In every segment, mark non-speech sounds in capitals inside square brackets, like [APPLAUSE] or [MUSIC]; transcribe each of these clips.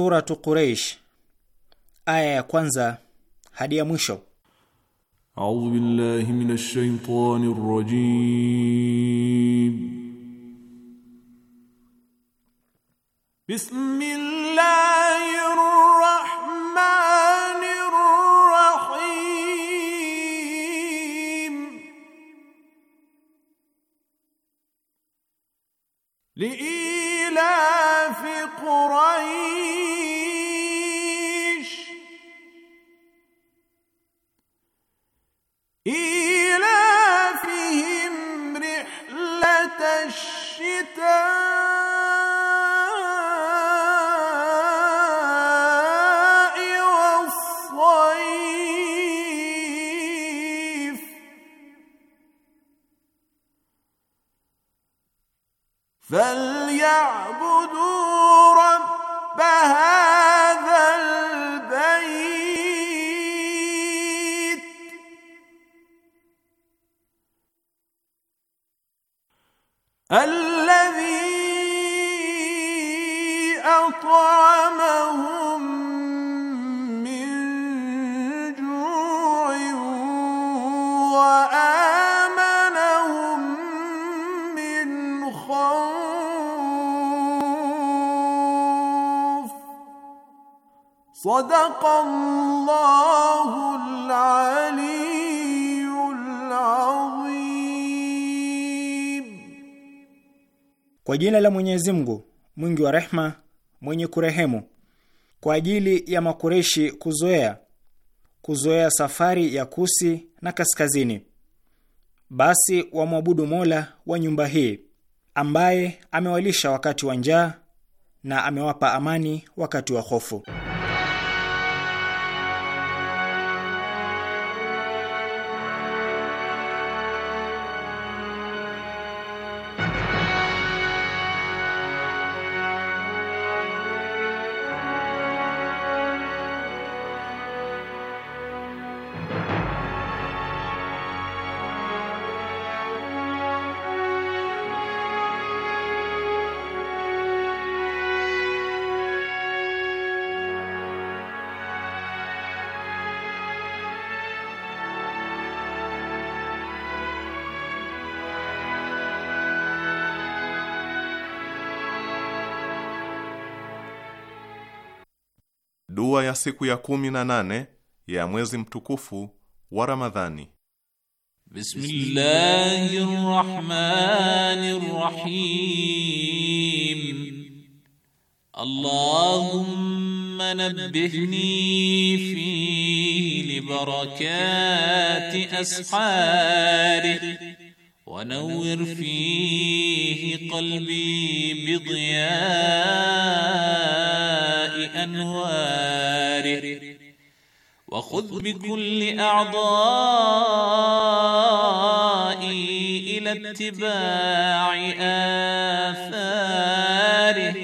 Suratu Quraish aya ya kwanza hadi ya mwisho. A'udhu billahi minash shaitani rrajim. Bismillahirrahmanirrahim. لإيلاف قريش He Kwa jina la Mwenyezi Mungu mwingi wa rehma mwenye kurehemu. Kwa ajili ya Makureshi kuzoea kuzoea safari ya kusi na kaskazini, basi wamwabudu Mola wa nyumba hii ambaye amewalisha wakati wa njaa na amewapa amani wakati wa hofu. siku ya kumi na nane ya mwezi mtukufu wa Ramadhani. Bismillahir Rahmanir Rahim. Allahumma nabbihni fi libarakati ashari wa ونور fihi قلبي بضياء وخذ بكل أعضاء إلى اتباع آثاره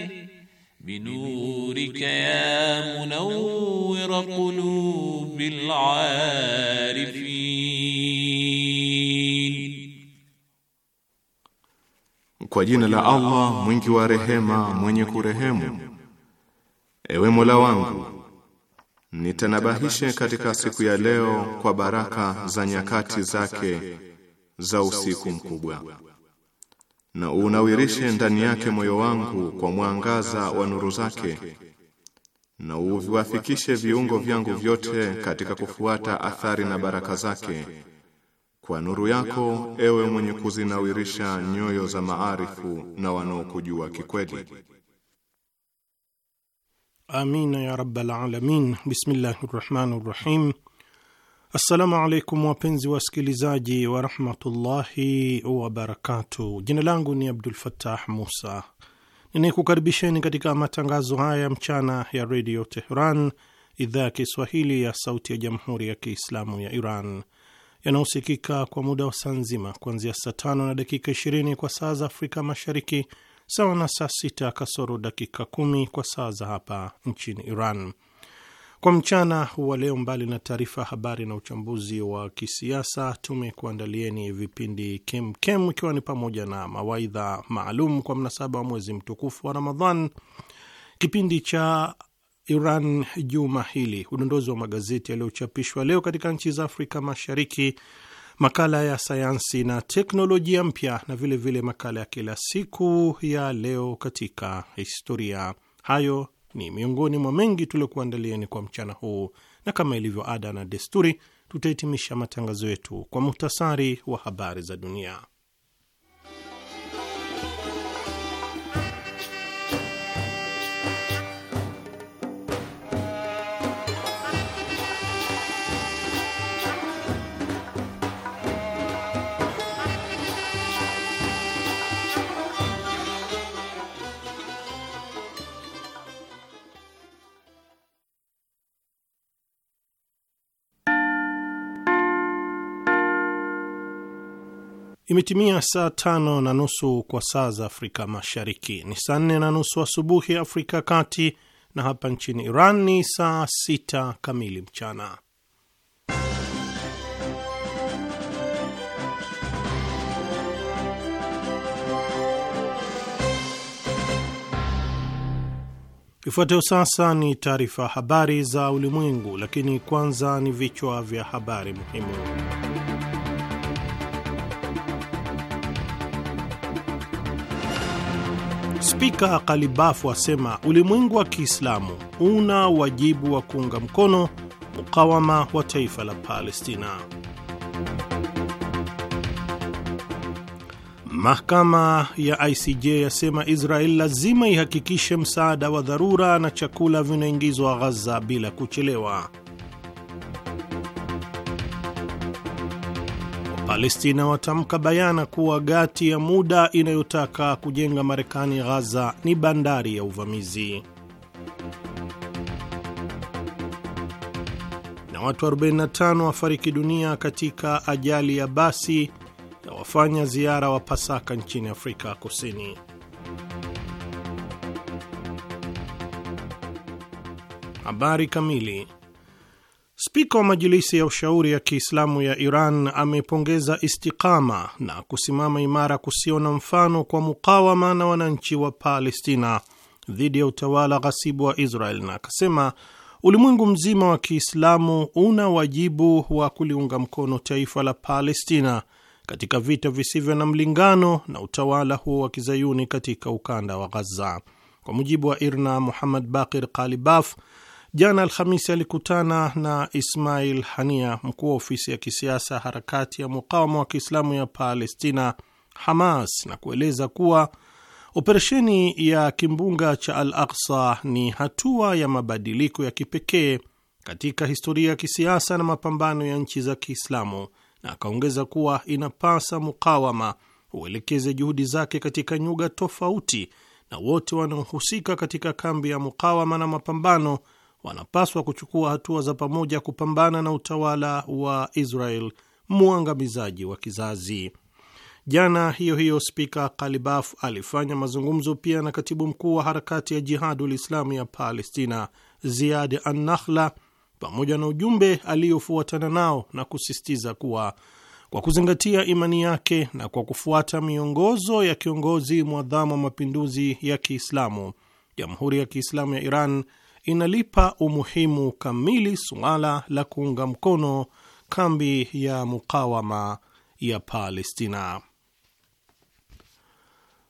بنورك يا منور قلوب العارفين Kwa jina la Allah mwingi wa rehema mwenye kurehemu Ewe Mola wangu nitanabahishe katika siku ya leo kwa baraka za nyakati zake za usiku mkubwa, na unawirishe ndani yake moyo wangu kwa mwangaza wa nuru zake, na uviwafikishe viungo vyangu vyote katika kufuata athari na baraka zake kwa nuru yako, ewe mwenye kuzinawirisha nyoyo za maarifu na wanaokujua kikweli. Amina ya rabbal alamin. Bismillahi rahmani rahim. Assalamu alaikum wapenzi wasikilizaji warahmatullahi wabarakatuh. Jina langu ni Abdul Fattah Musa, ninakukaribisheni katika matangazo haya mchana ya redio Teheran, idhaa ya Kiswahili ya sauti ya jamhuri ya Kiislamu ya Iran, yanayosikika kwa muda wa saa nzima kuanzia saa tano na dakika 20 kwa saa za Afrika Mashariki, sawa na saa sita kasoro dakika kumi kwa saa za hapa nchini Iran. Kwa mchana wa leo, mbali na taarifa ya habari na uchambuzi wa kisiasa, tumekuandalieni vipindi kemkem, ikiwa ni pamoja na mawaidha maalum kwa mnasaba wa mwezi mtukufu wa Ramadhan, kipindi cha Iran juma hili, udondozi wa magazeti yaliyochapishwa leo katika nchi za Afrika Mashariki, makala ya sayansi na teknolojia mpya, na vilevile vile makala ya kila siku ya leo katika historia. Hayo ni miongoni mwa mengi tuliokuandalieni kwa mchana huu, na kama ilivyo ada na desturi, tutahitimisha matangazo yetu kwa muhtasari wa habari za dunia. Imetimia saa tano na nusu kwa saa za Afrika Mashariki, ni saa nne na nusu asubuhi Afrika ya Kati, na hapa nchini Iran ni saa sita kamili mchana. Ifuatayo sasa ni taarifa habari za ulimwengu, lakini kwanza ni vichwa vya habari muhimu. Spika Kalibafu asema ulimwengu wa Kiislamu una wajibu wa kuunga mkono mukawama wa taifa la Palestina. Mahakama ya ICJ yasema Israel lazima ihakikishe msaada wa dharura na chakula vinaingizwa Ghaza bila kuchelewa. Palestina watamka bayana kuwa gati ya muda inayotaka kujenga Marekani Ghaza ni bandari ya uvamizi. Na watu 45 wafariki dunia katika ajali ya basi ya wafanya ziara wa Pasaka nchini Afrika Kusini. Habari kamili Spika wa Majilisi ya Ushauri ya Kiislamu ya Iran amepongeza istikama na kusimama imara kusio na mfano kwa mukawama na wananchi wa Palestina dhidi ya utawala ghasibu wa Israel na akasema ulimwengu mzima wa Kiislamu una wajibu wa kuliunga mkono taifa la Palestina katika vita visivyo na mlingano na utawala huo wa kizayuni katika ukanda wa Ghaza. Kwa mujibu wa IRNA, Muhammad Bakir Kalibaf jana Alhamisi alikutana na Ismail Hania, mkuu wa ofisi ya kisiasa harakati ya mukawama wa kiislamu ya Palestina, Hamas, na kueleza kuwa operesheni ya kimbunga cha Al Aksa ni hatua ya mabadiliko ya kipekee katika historia ya kisiasa na mapambano ya nchi za Kiislamu, na akaongeza kuwa inapasa mukawama uelekeze juhudi zake katika nyuga tofauti na wote wanaohusika katika kambi ya mukawama na mapambano wanapaswa kuchukua hatua za pamoja kupambana na utawala wa Israel mwangamizaji wa kizazi. Jana hiyo hiyo, spika Kalibaf alifanya mazungumzo pia na katibu mkuu wa harakati ya Jihadul Islamu ya Palestina Ziad Annahla pamoja na ujumbe aliyofuatana nao na kusisitiza kuwa kwa kuzingatia imani yake na kwa kufuata miongozo ya kiongozi mwadhamu wa mapinduzi ya Kiislamu, Jamhuri ya Kiislamu ya Iran inalipa umuhimu kamili suala la kuunga mkono kambi ya mukawama ya Palestina.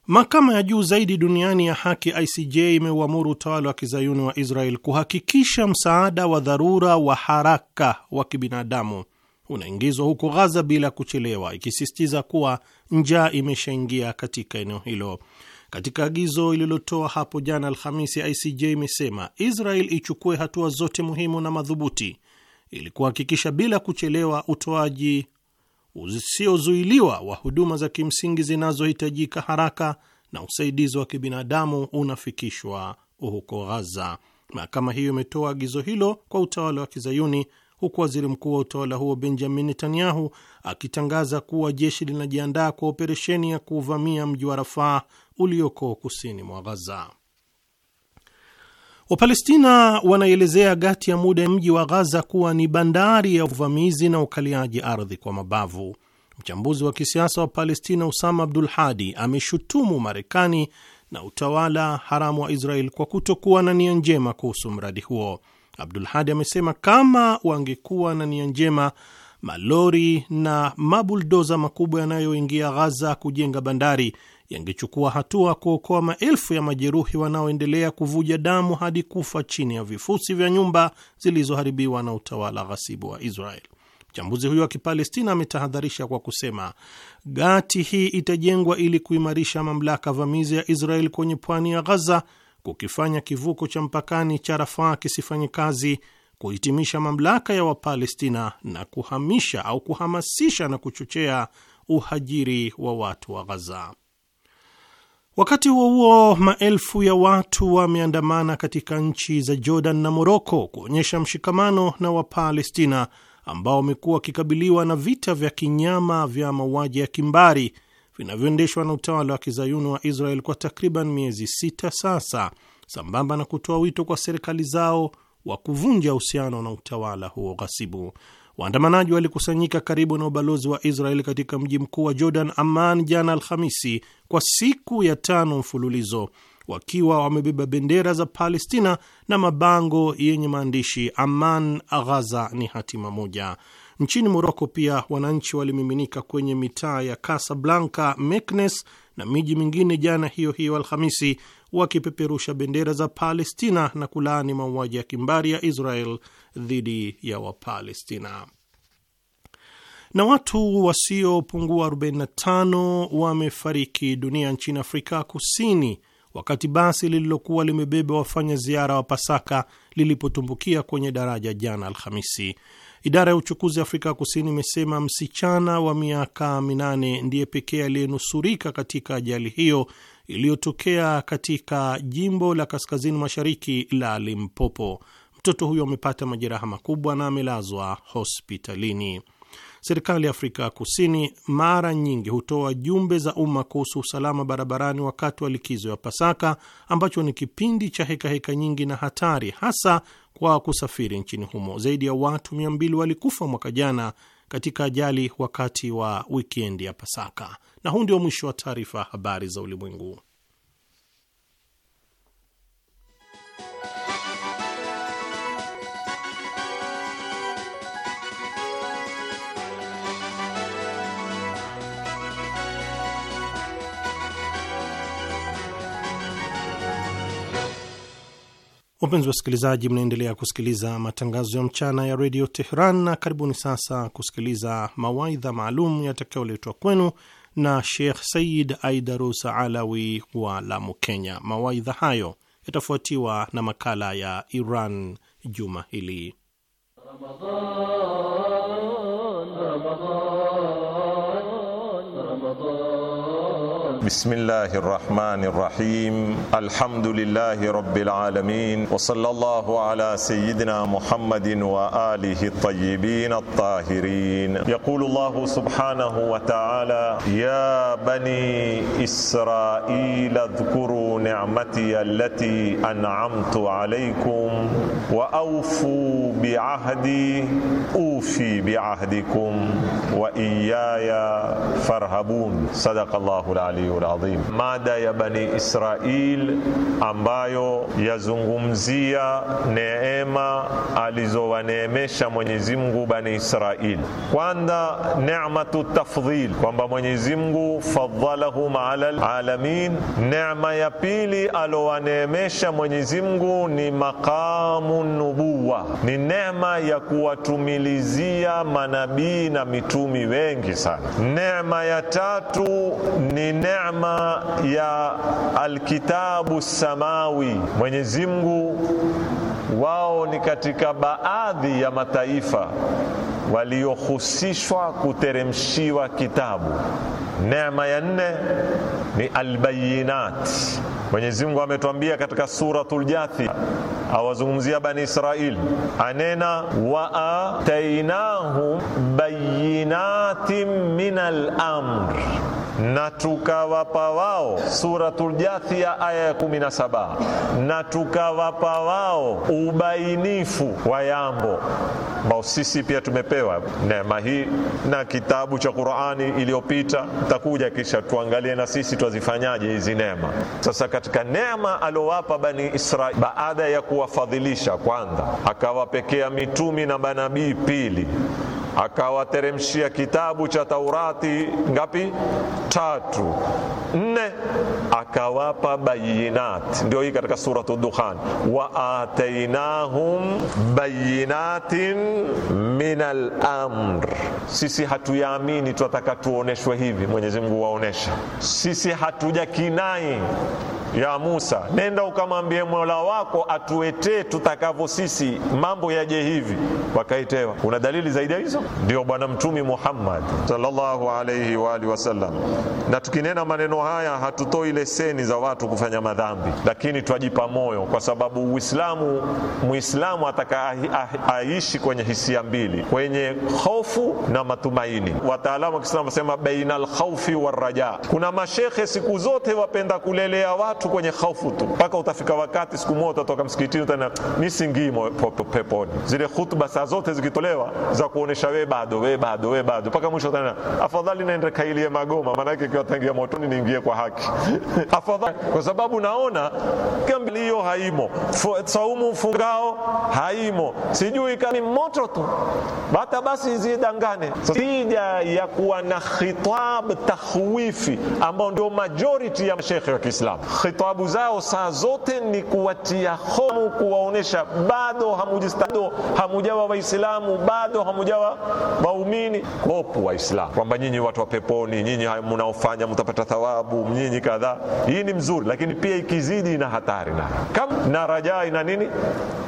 Mahakama ya juu zaidi duniani ya haki ICJ imeuamuru utawala wa kizayuni wa Israel kuhakikisha msaada wa dharura wa haraka wa kibinadamu unaingizwa huko Ghaza bila kuchelewa, ikisisitiza kuwa njaa imeshaingia katika eneo hilo. Katika agizo ililotoa hapo jana Alhamisi, ICJ imesema Israel ichukue hatua zote muhimu na madhubuti ili kuhakikisha bila kuchelewa utoaji usiozuiliwa wa huduma za kimsingi zinazohitajika haraka na usaidizi wa kibinadamu unafikishwa huko Ghaza. Mahakama hiyo imetoa agizo hilo kwa utawala wa kizayuni huku waziri mkuu wa utawala huo Benjamin Netanyahu akitangaza kuwa jeshi linajiandaa kwa operesheni ya kuuvamia mji wa Rafaa ulioko kusini mwa Ghaza. Wapalestina wanaelezea gati ya muda ya mji wa Ghaza kuwa ni bandari ya uvamizi na ukaliaji ardhi kwa mabavu. Mchambuzi wa kisiasa wa Palestina Usama Abdul Hadi ameshutumu Marekani na utawala haramu wa Israel kwa kutokuwa na nia njema kuhusu mradi huo. Abdul Hadi amesema kama wangekuwa na nia njema, malori na mabuldoza makubwa yanayoingia Ghaza kujenga bandari yangechukua hatua kuokoa maelfu ya majeruhi wanaoendelea kuvuja damu hadi kufa chini ya vifusi vya nyumba zilizoharibiwa na utawala ghasibu wa Israel. Mchambuzi huyo wa Kipalestina ametahadharisha kwa kusema gati hii itajengwa ili kuimarisha mamlaka vamizi ya Israel kwenye pwani ya Ghaza, kukifanya kivuko cha mpakani cha Rafaa kisifanye kazi, kuhitimisha mamlaka ya Wapalestina na kuhamisha au kuhamasisha na kuchochea uhajiri wa watu wa Ghaza. Wakati huo huo, maelfu ya watu wameandamana katika nchi za Jordan na Moroko kuonyesha mshikamano na Wapalestina ambao wamekuwa wakikabiliwa na vita vya kinyama vya mauaji ya kimbari vinavyoendeshwa na utawala wa kizayuni wa Israel kwa takriban miezi sita sasa, sambamba na kutoa wito kwa serikali zao wa kuvunja uhusiano na utawala huo ghasibu. Waandamanaji walikusanyika karibu na ubalozi wa Israeli katika mji mkuu wa Jordan, Amman, jana Alhamisi, kwa siku ya tano mfululizo, wakiwa wamebeba bendera za Palestina na mabango yenye maandishi Amman Ghaza ni hatima moja. Nchini Moroko pia wananchi walimiminika kwenye mitaa ya Casablanca, Meknes na miji mingine jana hiyo hiyo Alhamisi wakipeperusha bendera za Palestina na kulaani mauaji ya kimbari ya Israel dhidi ya Wapalestina na watu wasiopungua 45 wamefariki dunia nchini Afrika Kusini wakati basi lililokuwa limebeba wafanya ziara wa Pasaka lilipotumbukia kwenye daraja jana Alhamisi. Idara ya uchukuzi Afrika Kusini imesema msichana wa miaka minane ndiye pekee aliyenusurika katika ajali hiyo iliyotokea katika jimbo la kaskazini mashariki la Limpopo. Mtoto huyo amepata majeraha makubwa na amelazwa hospitalini. Serikali ya Afrika ya Kusini mara nyingi hutoa jumbe za umma kuhusu usalama barabarani wakati wa likizo ya Pasaka, ambacho ni kipindi cha hekaheka heka nyingi na hatari, hasa kwa kusafiri nchini humo. Zaidi ya watu 200 walikufa mwaka jana katika ajali wakati wa wikendi ya Pasaka. Na huu ndio mwisho wa taarifa habari za ulimwengu. Wapenzi wasikilizaji, mnaendelea kusikiliza matangazo ya mchana ya redio Teheran, na karibuni sasa kusikiliza mawaidha maalum yatakayoletwa kwenu na Sheikh Said Aidarus Alawi wa Lamu, Kenya. Mawaidha hayo yatafuatiwa na makala ya Iran juma hili Ramadan, Ramadan. بسم الله الرحمن الرحيم الحمد لله رب العالمين وصلى الله على سيدنا محمد واله الطيبين الطاهرين يقول الله سبحانه وتعالى يا بني اسرائيل اذكروا نعمتي التي انعمت عليكم واوفوا بعهدي اوفي بعهدكم واياي فارهبون صدق الله العلي Allahu Mada ya Bani Israil ambayo yazungumzia neema alizowaneemesha Mwenyezi Mungu Bani Israil. Kwanza, nematu tafdhil, kwamba Mwenyezi Mungu fadhalahum ala alalamin. Neema ya pili alowaneemesha Mwenyezi Mungu ni maqamu nubuwa, ni neema ya kuwatumilizia manabii na mitumi wengi sana. Neema ya tatu ni neema neema ya alkitabu samawi. Mwenyezi Mungu wao ni katika baadhi ya mataifa waliohusishwa kuteremshiwa kitabu. Neema ya nne ni albayinat. Mwenyezi Mungu ametuambia katika Suratul Jathi, awazungumzia Bani Israil, anena wa atainahum bayinatin min al-amr na tukawapa wao, Suratul Jathia aya ya kumi na saba na tukawapa wao ubainifu wa yambo ambao sisi pia tumepewa neema hii na kitabu cha Qur'ani iliyopita. Takuja kisha tuangalie na sisi twazifanyaje hizi neema. Sasa katika neema aliowapa Bani Israeli baada ya kuwafadhilisha kwanza, akawapekea mitumi na manabii pili akawateremshia kitabu cha Taurati ngapi? Tatu. Nne, akawapa bayinat, ndio hii katika suratu Dukhan, wa atainahum bayinatin min al-amr. Sisi hatuyaamini, tunataka tuoneshwe hivi. Mwenyezi Mungu waonesha sisi, hatuja kinai ya Musa, nenda ukamwambie Mola wako atuetee tutakavyo sisi, mambo yaje hivi. Wakaitewa. kuna dalili zaidi ya hizo? ndio Bwana Mtumi Muhammad sallallahu alaihi wa alihi wasallam. Na tukinena maneno haya hatutoi leseni za watu kufanya madhambi, lakini twajipa moyo, kwa sababu Uislamu, Muislamu ataka aishi kwenye hisia mbili, kwenye hofu na matumaini. Wataalamu wa Kiislamu wasema baina alkhaufi waraja. Kuna mashekhe siku zote wapenda kulelea watu kwenye hofu tu, mpaka utafika wakati siku moja utatoka msikitini, tena misingimo peponi. Zile khutba saa zote zikitolewa za kuonesha we bado we bado we bado mpaka mwisho tena, afadhali naende kailie Magoma, maana yake kwa tangia motoni niingie kwa haki [LAUGHS] afadhali, kwa sababu naona kambi hiyo haimo, saumu mfungao haimo, sijui kani moto tu bata, basi zidangane sija ya kuwa na khitab tahwifi, ambao ndio majority ya mashekhe wa Kiislamu. Khitabu zao saa zote ni kuwatia homu, kuwaonesha bado hamujistado, hamujawa Waislamu, bado hamujawa waumini opo Waislamu kwamba nyinyi watu wa peponi, nyinyi mnaofanya mtapata thawabu, nyinyi kadhaa. Hii ni mzuri, lakini pia ikizidi ina hatari na kam na rajaa ina nini?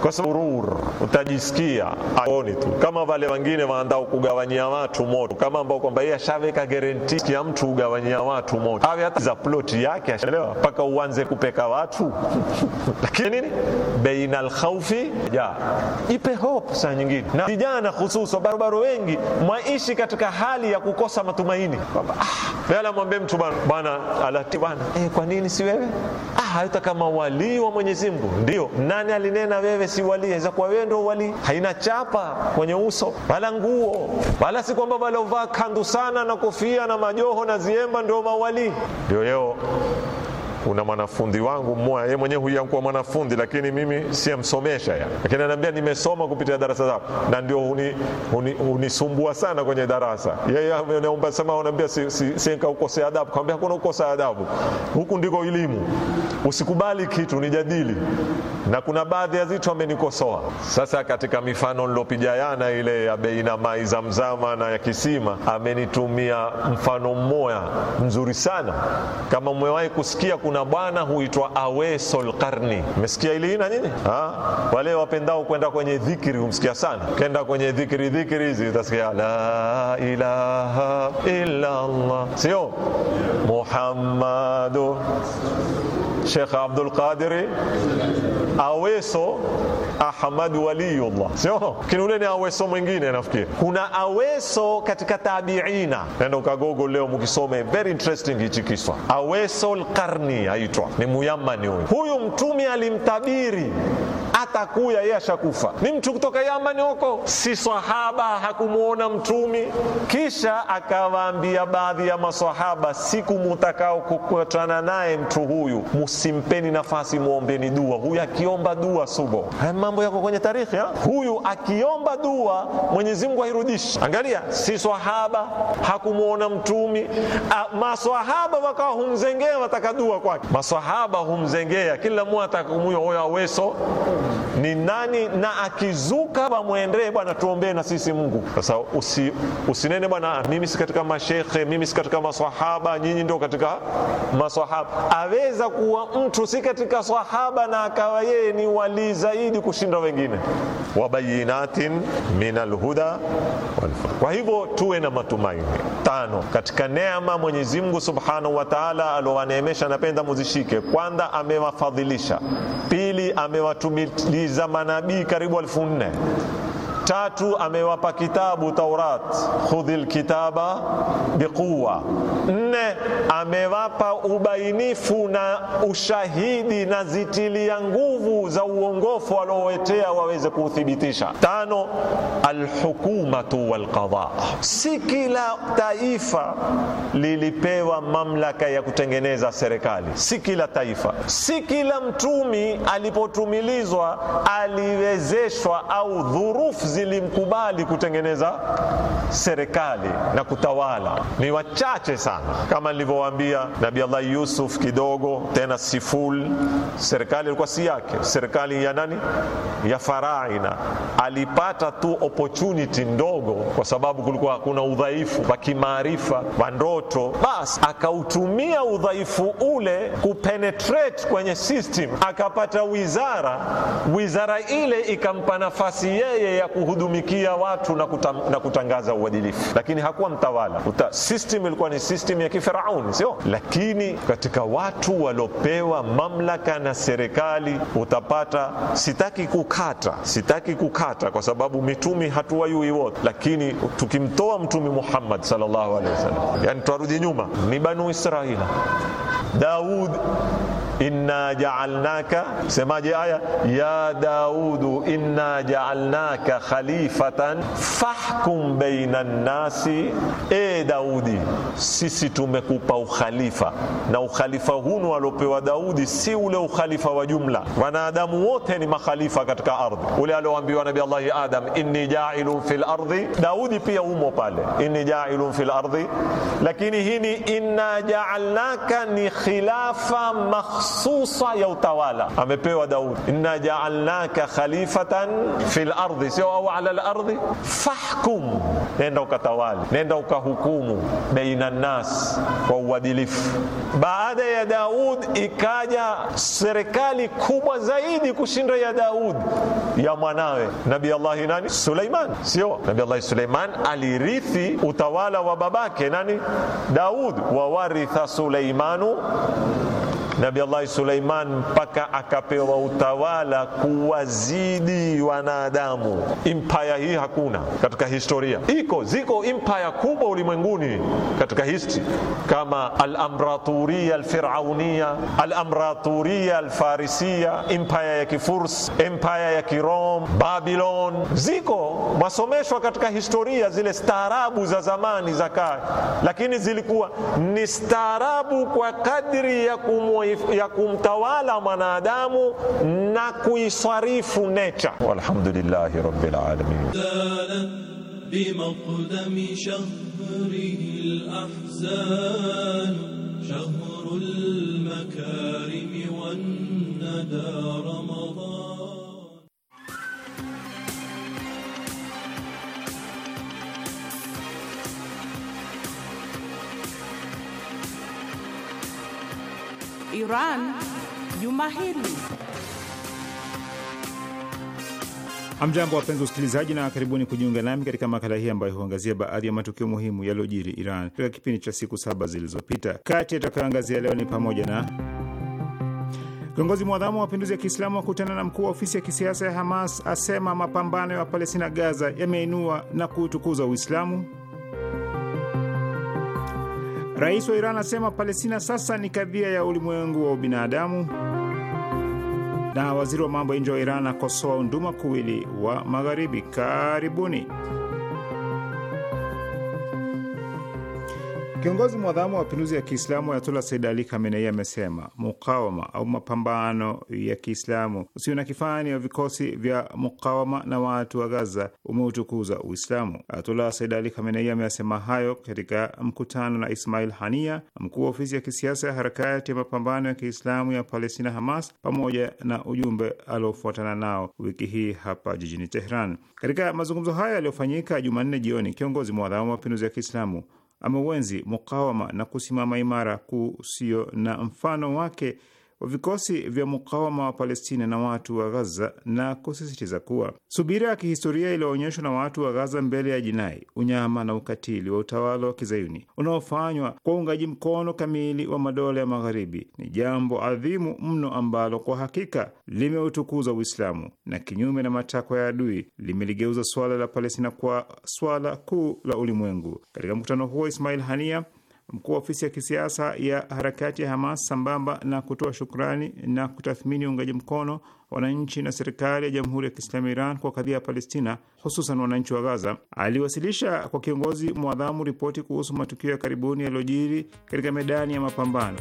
Kwa sababu urur utajisikia aoni tu kama wale wengine waandao kugawanyia watu moto, kama ambao kwamba yeye ashaweka guarantee ya mtu kugawanyia watu moto, hawe hata za plot yake ashelewa mpaka uanze kupeka watu [LAUGHS] lakini nini bainal khawfi ja ipe hope saa nyingine na vijana hususan barabara wengi mwaishi katika hali ya kukosa matumaini kwamba bela ah, mwambie mtu bana alati bwana, eh, kwa nini si wewe ah, hata kama walii wa Mwenyezi Mungu ndio nani alinena wewe si walii aweza kuwa wewe ndio walii haina chapa kwenye uso wala nguo wala si kwamba waliovaa kandu sana na kofia na majoho na ziemba ndio mawalii ndio leo kuna mwanafunzi wangu mmoja, yeye mwenyewe huyu huyakuwa mwanafunzi, lakini mimi siyamsomesha ya, lakini ananiambia nimesoma kupitia darasa zako, na ndio hunisumbua huni, sana kwenye darasa. Yeye anaomba sema, ananiambia si, si, si ukosea adabu. Kaambia hakuna ukosa adabu, huku ndiko elimu. Usikubali kitu, nijadili na kuna baadhi ya zitu amenikosoa. Sasa katika mifano nilopiga yana ile ya beina na mai zamzama na ya kisima, amenitumia mfano mmoja mzuri sana, kama mmewahi kusikia kuna bwana huitwa Awesul Qarni. Umesikia hili na nini? Ha? Wale wapendao kwenda kwenye dhikiri humsikia sana, kenda kwenye dhikiri dhikri hizi utasikia la ilaha illa Allah, sio Muhammadu Sheikh Abdul Qadir Aweso Ahmad Waliullah, sio lakini ule ni Aweso mwingine nafikiri. Kuna Aweso katika tabiina, nenda ukagogo leo mkisome, very interesting hichi kiswa. Aweso Alqarni aitwa ni Muyamani huyu. Huyu mtume alimtabiri atakuya yeye ashakufa, ni mtu kutoka Yamani huko, si sahaba, hakumwona Mtumi. Kisha akawaambia baadhi ya maswahaba siku mutakao kukutana naye mtu huyu, musimpeni nafasi, muombeni dua. Huyu akiomba dua subo, haya mambo yako kwenye tarikhi ya? Huyu akiomba dua Mwenyezi Mungu airudishi. Angalia, si sahaba, hakumwona Mtumi. A, ah, maswahaba wakawa humzengea, wataka dua kwake. Maswahaba humzengea, kila mmoja atakumuyo oya aweso ni nani, na akizuka wamwendee bwana, tuombee na sisi Mungu. Sasa usi, usinene bwana, mimi si katika mashekhe, mimi si katika maswahaba, nyinyi ndio katika maswahaba. Aweza kuwa mtu si katika swahaba na akawa yeye ni wali zaidi kushinda wengine. wabayinatin min alhuda walfa. Kwa hivyo tuwe na matumaini. Tano, katika neema Mwenyezi Mungu subhanahu wa taala alowaneemesha, napenda muzishike. Kwanza amewafadhilisha, pili amewatumilia ni za manabii karibu elfu nne Tatu, amewapa kitabu Taurat, khudhil kitaba biquwa. Nne, amewapa ubainifu na ushahidi na zitilia nguvu za uongofu waliowetea waweze kuuthibitisha. Tano, alhukumatu walqadha. Si kila taifa lilipewa mamlaka ya kutengeneza serikali, si kila taifa, si kila mtumi alipotumilizwa aliwezeshwa au dhurufu zilimkubali kutengeneza serikali na kutawala. Ni wachache sana, kama nilivyowaambia, Nabii Allah Yusuf kidogo tena siful, serikali ilikuwa si yake, serikali ya nani? Ya faraina. Alipata tu opportunity ndogo, kwa sababu kulikuwa hakuna udhaifu wa kimaarifa wa ndoto, basi akautumia udhaifu ule kupenetrate kwenye system, akapata wizara, wizara ile ikampa nafasi yeye ya ku kuhudumikia watu na, kutam, na kutangaza uadilifu, lakini hakuwa mtawala. Uta, system ilikuwa ni system ya kifarauni, sio? Lakini katika watu waliopewa mamlaka na serikali utapata, sitaki kukata, sitaki kukata kwa sababu mitumi hatuwayui wote, lakini tukimtoa Mtume Muhammad sallallahu alaihi wasallam, yani twarudi nyuma, ni Banu Israila Daud inna ja'alnaka, semaje aya ya Daudu, inna ja'alnaka khalifatan fahkum baina nnasi, e Daudi, sisi tumekupa ukhalifa. Na ukhalifa hunu aliopewa Daudi si ule ukhalifa wa jumla, wanadamu wote ni makhalifa katika ardhi. Ule alioambiwa Nabii Allah Adam, inni ja'ilun fil ardhi, Daudi pia umo pale, inni ja'ilun fil ardhi, lakini hii ni inna ja'alnaka ni khilafa makhsus mahsusa ya utawala amepewa Daudi, inna ja'alnaka khalifatan fil ardi, sio au ala al fahkum, nenda ukatawali, nenda ukahukumu baina nas kwa uadilifu. Baada ya Daud ikaja serikali kubwa zaidi kushinda ya Daud ya mwanawe Nabii Allah nani Suleiman, sio Nabii Allah Suleiman alirithi utawala wa babake nani Daud, wawaritha Suleimanu Nabi Allah Suleiman mpaka akapewa utawala kuwazidi wanadamu. Empire hii hakuna katika historia, iko ziko empire kubwa ulimwenguni katika history kama al-Amraturia al-Firaunia, al-Amraturia al-Farisia, empire ya Kifurs, empire ya kirom Babylon, ziko mwasomeshwa katika historia zile staarabu za zamani za kale, lakini zilikuwa ni staarabu kwa kadri ya kumwa ya kumtawala mwanadamu na kuisarifu nature. Walhamdulillahi rabbil alamin. بمقدم شهره الأحزان شهر المكارم والندى رمضان Iran juma hili. Hamjambo, wapenzi usikilizaji, na karibuni kujiunga nami katika makala hii ambayo huangazia baadhi ya matukio muhimu yaliyojiri Iran katika kipindi cha siku saba zilizopita. Kati yatakayoangazia leo ni pamoja na kiongozi mwadhamu wa mapinduzi ya Kiislamu akutana na mkuu wa ofisi ya kisiasa ya Hamas, asema mapambano ya Palestina Gaza yameinua na kuutukuza Uislamu. Rais wa Iran anasema Palestina sasa ni kadhia ya ulimwengu wa ubinadamu, na waziri wa mambo ya nje wa Iran akosoa unduma kuwili wa Magharibi. Karibuni. Kiongozi mwadhamu wa mapinduzi ya Kiislamu Ayatollah Said Ali Khamenei amesema mukawama au mapambano ya Kiislamu usio na kifani wa vikosi vya mukawama na watu wa Gaza umeutukuza Uislamu. Ayatollah Said Ali Khamenei ameyasema hayo katika mkutano na Ismail Hania, mkuu wa ofisi ya kisiasa ya harakati ya mapambano ya Kiislamu ya Palestina, Hamas, pamoja na ujumbe aliofuatana nao wiki hii hapa jijini Tehran. Katika mazungumzo hayo yaliyofanyika Jumanne jioni, kiongozi mwadhamu wa mapinduzi ya Kiislamu ameuenzi mukawama na kusimama imara kusio na mfano wake wa vikosi vya mukawama wa Palestina na watu wa gaza na kusisitiza kuwa subira ya kihistoria iliyoonyeshwa na watu wa Ghaza mbele ya jinai, unyama na ukatili wa utawala wa kizayuni unaofanywa kwa uungaji mkono kamili wa madola ya Magharibi ni jambo adhimu mno ambalo kwa hakika limeutukuza Uislamu na kinyume na matakwa ya adui limeligeuza suala la Palestina kwa swala kuu la ulimwengu. Katika mkutano huo Ismail Hania mkuu wa ofisi ya kisiasa ya harakati ya Hamas sambamba na kutoa shukrani na kutathmini uungaji mkono wananchi na serikali ya Jamhuri ya Kiislamu ya Iran kwa kadhia ya Palestina, hususan wananchi wa Gaza, aliwasilisha kwa kiongozi mwadhamu ripoti kuhusu matukio ya karibuni yaliyojiri katika medani ya mapambano.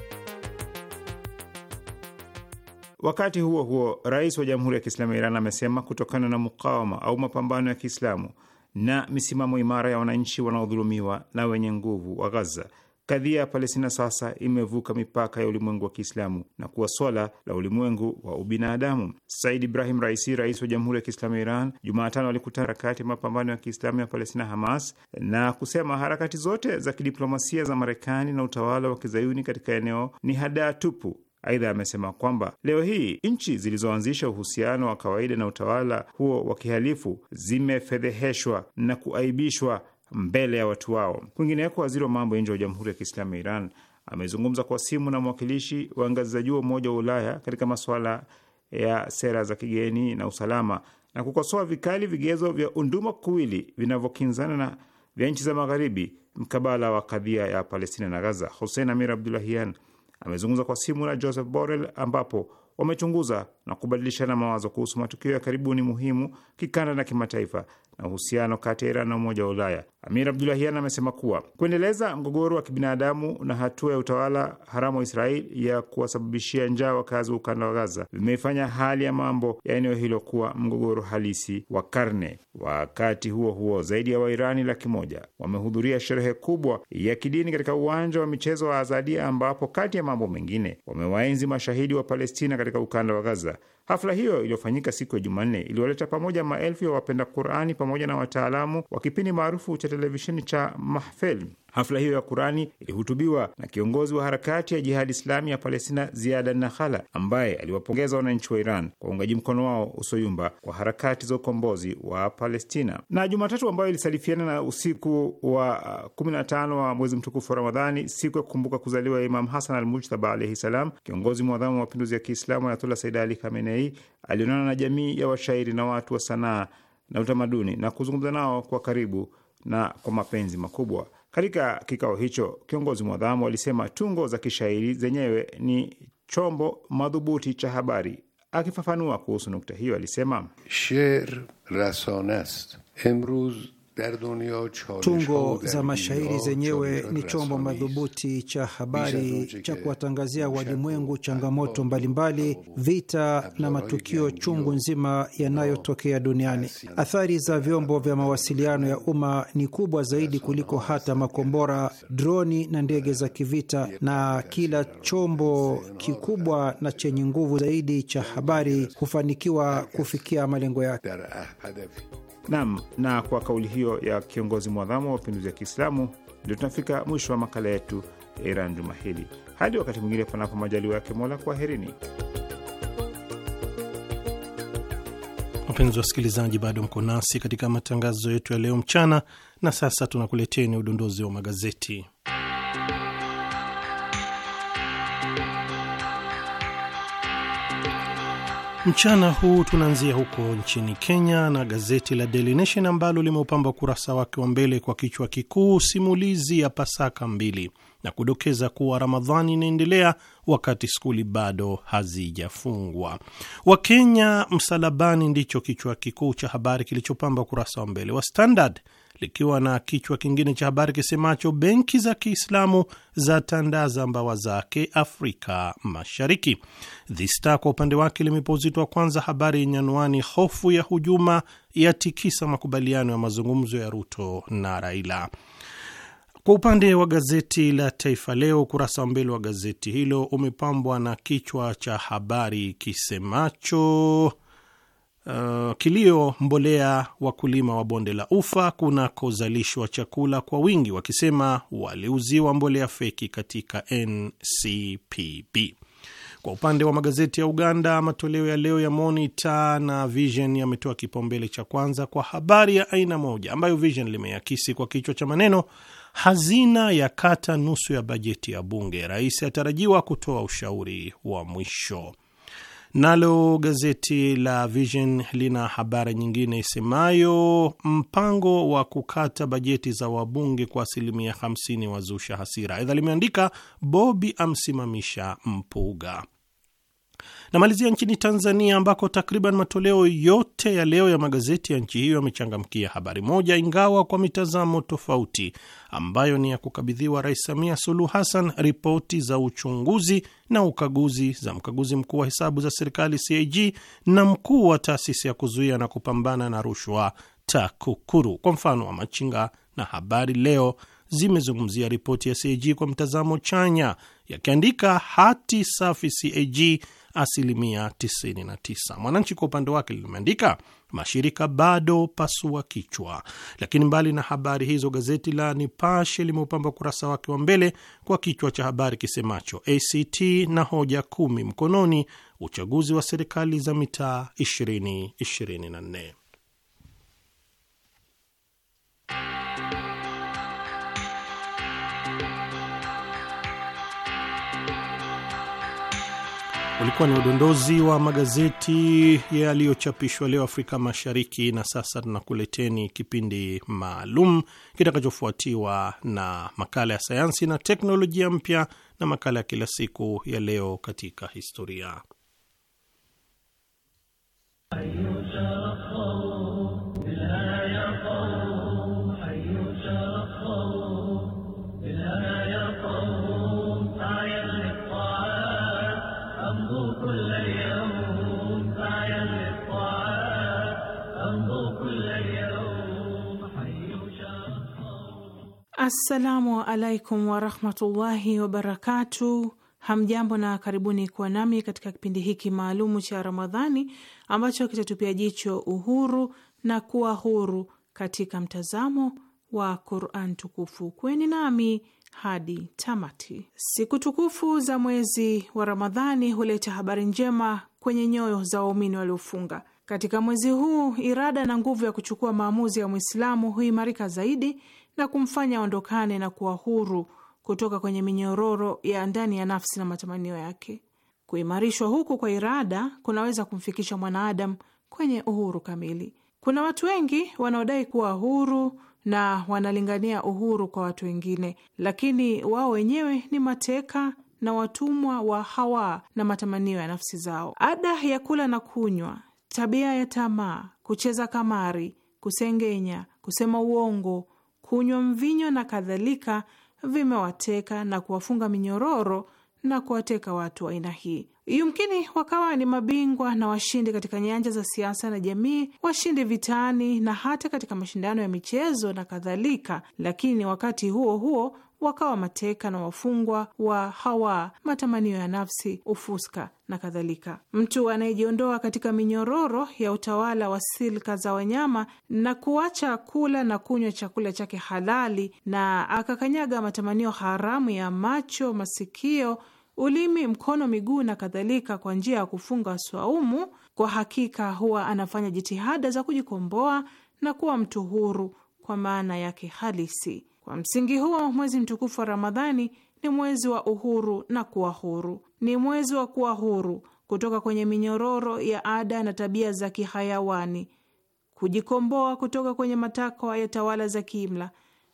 Wakati huo huo, rais wa Jamhuri ya Kiislamu ya Iran amesema kutokana na mukawama au mapambano ya Kiislamu na misimamo imara ya wananchi wanaodhulumiwa na wenye nguvu wa Gaza Kadhia ya Palestina sasa imevuka mipaka ya ulimwengu wa Kiislamu na kuwa swala la ulimwengu wa ubinadamu. Said Ibrahim Raisi, rais wa Jamhuri ya Kiislamu ya Iran, Jumatano alikutana harakati ya mapambano ya Kiislamu ya Palestina, Hamas, na kusema harakati zote za kidiplomasia za Marekani na utawala wa kizayuni katika eneo ni hadaa tupu. Aidha, amesema kwamba leo hii nchi zilizoanzisha uhusiano wa kawaida na utawala huo wa kihalifu zimefedheheshwa na kuaibishwa mbele ya watu wao. Kwingineko, waziri wa mambo ya nje wa Jamhuri ya Kiislamu ya Iran amezungumza kwa simu na mwakilishi wa ngazi za juu wa Umoja wa Ulaya katika masuala ya sera za kigeni na usalama na kukosoa vikali vigezo vya unduma kuwili vinavyokinzana na vya nchi za magharibi mkabala wa kadhia ya Palestina na Gaza. Hussein Amir Abdulahian amezungumza kwa simu na Joseph Borrell ambapo wamechunguza na kubadilishana mawazo kuhusu matukio ya karibuni muhimu kikanda na kimataifa na uhusiano kati ya Iran na Umoja wa Ulaya. Amir Abdulahian amesema kuwa kuendeleza mgogoro wa kibinadamu na hatua ya utawala haramu wa Israel ya kuwasababishia njaa wakazi wa ukanda wa Gaza vimeifanya hali ya mambo ya eneo hilo kuwa mgogoro halisi wa karne. Wakati huo huo, zaidi ya Wairani laki moja wamehudhuria sherehe kubwa ya kidini katika uwanja wa michezo wa Azadia, ambapo kati ya mambo mengine wamewaenzi mashahidi wa Palestina katika ukanda wa Gaza. Hafla hiyo iliyofanyika siku ya Jumanne iliwaleta pamoja maelfu ya wapenda Qurani pamoja na wataalamu wa kipindi maarufu cha televisheni cha Mahfel. Hafla hiyo ya Kurani ilihutubiwa na kiongozi wa harakati ya Jihadi Islami ya Palestina, Ziada Nahala, ambaye aliwapongeza wananchi wa Iran kwa uungaji mkono wao usoyumba kwa harakati za ukombozi wa Palestina. Na Jumatatu ambayo ilisalifiana na usiku wa 15 uh, wa mwezi mtukufu wa Ramadhani, siku ya kukumbuka kuzaliwa Imam Hasan al Mujtaba alaihi salam, kiongozi mwadhamu wa mapinduzi ya Kiislamu anatola Said Ali Khamenei alionana na jamii ya washairi na watu wa sanaa na utamaduni na kuzungumza nao kwa karibu na kwa mapenzi makubwa. Katika kikao hicho kiongozi mwadhamu alisema tungo za kishairi zenyewe ni chombo madhubuti cha habari. Akifafanua kuhusu nukta hiyo alisema, sher emruz Tungo za mashairi zenyewe ni chombo madhubuti cha habari cha kuwatangazia walimwengu changamoto mbalimbali, vita na matukio chungu nzima yanayotokea duniani. Athari za vyombo vya mawasiliano ya umma ni kubwa zaidi kuliko hata makombora, droni na ndege za kivita, na kila chombo kikubwa na chenye nguvu zaidi cha habari hufanikiwa kufikia malengo yake. Nam, na kwa kauli hiyo ya kiongozi mwadhamu wa mapinduzi ya Kiislamu ndio tunafika mwisho wa makala yetu ya Iran juma hili. Hadi wakati mwingine, panapo majaliwa yake Mola, kwaherini. Wapenzi wasikilizaji, bado mko nasi katika matangazo yetu ya leo mchana, na sasa tunakuleteni udondozi wa magazeti. Mchana huu tunaanzia huko nchini Kenya na gazeti la Daily Nation ambalo limeupamba ukurasa wake wa mbele kwa kichwa kikuu simulizi ya Pasaka mbili na kudokeza kuwa Ramadhani inaendelea wakati skuli bado hazijafungwa. Wakenya msalabani ndicho kichwa kikuu cha habari kilichopamba ukurasa wa mbele wa Standard likiwa na kichwa kingine cha habari kisemacho benki za Kiislamu za tandaza mbawa zake Afrika Mashariki. The Star kwa upande wake limepa uzito wa kwanza habari yenye anwani hofu ya hujuma ya tikisa makubaliano ya mazungumzo ya Ruto na Raila. Kwa upande wa gazeti la Taifa Leo, ukurasa wa mbele wa gazeti hilo umepambwa na kichwa cha habari kisemacho uh, kilio mbolea wakulima wa bonde la ufa kunakozalishwa chakula kwa wingi, wakisema waliuziwa mbolea feki katika NCPB. Kwa upande wa magazeti ya Uganda, matoleo ya leo ya Monitor na Vision yametoa kipaumbele cha kwanza kwa habari ya aina moja ambayo Vision limeakisi kwa kichwa cha maneno hazina ya kata nusu ya bajeti ya bunge, rais atarajiwa kutoa ushauri wa mwisho. Nalo gazeti la Vision lina habari nyingine isemayo mpango wa kukata bajeti za wabunge kwa asilimia 50 wazusha hasira. Aidha limeandika Bobi amsimamisha mpuga Namalizia nchini Tanzania ambako takriban matoleo yote ya leo ya magazeti ya nchi hiyo yamechangamkia habari moja, ingawa kwa mitazamo tofauti, ambayo ni ya kukabidhiwa Rais Samia Suluhu Hassan ripoti za uchunguzi na ukaguzi za mkaguzi mkuu wa hesabu za serikali CAG na mkuu wa taasisi ya kuzuia na kupambana na rushwa TAKUKURU. Kwa mfano wa machinga na Habari Leo zimezungumzia ripoti ya CAG kwa mtazamo chanya, yakiandika hati safi CAG asilimia 99. Mwananchi kwa upande wake limeandika mashirika bado pasua kichwa. Lakini mbali na habari hizo, gazeti la Nipashe limeupamba ukurasa wake wa mbele kwa kichwa cha habari kisemacho ACT na hoja kumi mkononi, uchaguzi wa serikali za mitaa 2024. Ulikuwa ni udondozi wa magazeti yaliyochapishwa leo Afrika Mashariki, na sasa tunakuleteni kipindi maalum kitakachofuatiwa na makala ya sayansi na teknolojia mpya na makala ya kila siku ya leo katika historia Assalamu alaikum warahmatullahi wabarakatu. Hamjambo na karibuni kuwa nami katika kipindi hiki maalumu cha Ramadhani ambacho kitatupia jicho uhuru na kuwa huru katika mtazamo wa Quran tukufu. Kweni nami hadi tamati. Siku tukufu za mwezi wa Ramadhani huleta habari njema kwenye nyoyo za waumini waliofunga katika mwezi huu. Irada na nguvu ya kuchukua maamuzi ya Mwislamu huimarika zaidi na kumfanya aondokane na kuwa huru kutoka kwenye minyororo ya ndani ya nafsi na matamanio yake. Kuimarishwa huku kwa irada kunaweza kumfikisha mwanaadamu kwenye uhuru kamili. Kuna watu wengi wanaodai kuwa huru na wanalingania uhuru kwa watu wengine, lakini wao wenyewe ni mateka na watumwa wa hawa na matamanio ya nafsi zao. Ada ya kula na kunywa, tabia ya tamaa, kucheza kamari, kusengenya, kusema uongo kunywa mvinyo na kadhalika vimewateka na kuwafunga minyororo na kuwateka watu wa aina hii. Yumkini wakawa ni mabingwa na washindi katika nyanja za siasa na jamii, washindi vitani na hata katika mashindano ya michezo na kadhalika, lakini wakati huo huo wakawa mateka na wafungwa wa hawa, matamanio ya nafsi, ufuska na kadhalika. Mtu anayejiondoa katika minyororo ya utawala wa silka za wanyama na kuacha kula na kunywa chakula chake halali na akakanyaga matamanio haramu ya macho, masikio, ulimi, mkono, miguu na kadhalika kwa njia ya kufunga swaumu, kwa hakika huwa anafanya jitihada za kujikomboa na kuwa mtu huru kwa maana yake halisi. Kwa msingi huo, mwezi mtukufu wa Ramadhani ni mwezi wa uhuru na kuwa huru, ni mwezi wa kuwa huru kutoka kwenye minyororo ya ada na tabia za kihayawani, kujikomboa kutoka kwenye matakwa ya tawala za kiimla